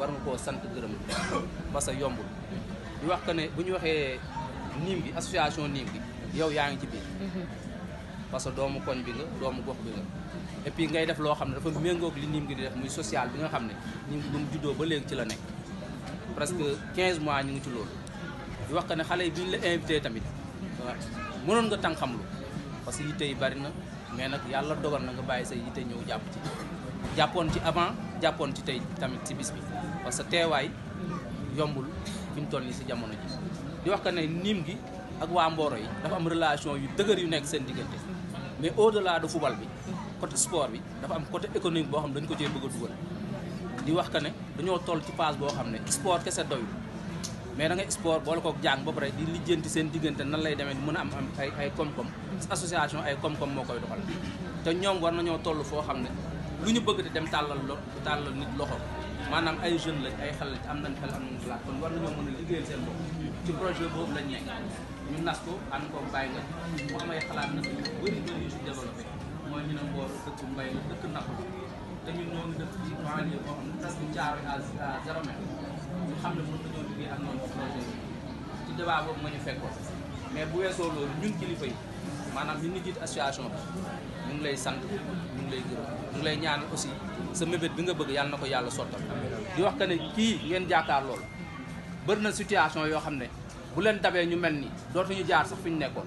war nga koo sant gërëm parce que yombul ñu wax que ne bu ñu waxee niim bi association niim bi yow yaa ngi ci biir parce que doomu koñ bi nga doomu gox bi nga et ngay def loo xam ne dafa méngoog li niim gi di def muy social bi nga xam ne niim gi bu mu juddoo ba léegi ci la nekk presque 15 mois ñu ngi ci loolu di wax ko ne xale yi bi ñu la invité tamit mënoon nga tàng xam lu parce que yitte yi bari na mais nag yàlla dogal na nga bàyyi say yitte ñëw jàpp ci jàppoon ci avant japon ci tay tamit ci bis bi parce que teway yombul fi mu ci jamono ji di wax que ne niim gi ak wa mboro yi dafa am relation yu deuguer yu nek sen diggante mais au delà de football bi côté sport bi dafa am côté économique bo xam dañ ko cee bëgg a di wax que ne dañoo toll ci phase bo xam ne sport kese doy mais da nga sport bo la ko jang ba pare di lijeenti sen diggante nan lay demee mën a am ay ay kom kom association ay kom kom mo koy doxal te ñom war nañu toll fo xamne lu ñu bëgg di dem tàllal lo tàllal nit loxo maanaam ay jeune lañ ay xale lañ am nañ xel am nañ xalaat kon war nañoo mën a liggéeyal seen bopp ci projet boobu lañ nekk ñu nas ko ànd ko bàyyi nga mu am ay xalaat nag yu bëri ñu ne mboor dëkk mbay la dëkk napp la te ñun ñoo dëkk ci banlieue boo xam ne presque ci à zéro mètre ñu xam ne mën nañoo liggéey ak noonu projet ci débat boobu nga ñu fekkoon mais bu weesoo loolu ñun kilifa yi maanaam ñu ngi jiit bi ñu ngi lay sant ñu ngi lay gërëm ñu lay ñaan aussi sa mébét bi nga bëgg yàlla na ko yàlla sottal di wax que ne kii ngeen jaakaar loolu bëri na situation yoo xam ne bu leen dabee ñu mel nii dootuñu jaar sax fi ñu nekkoon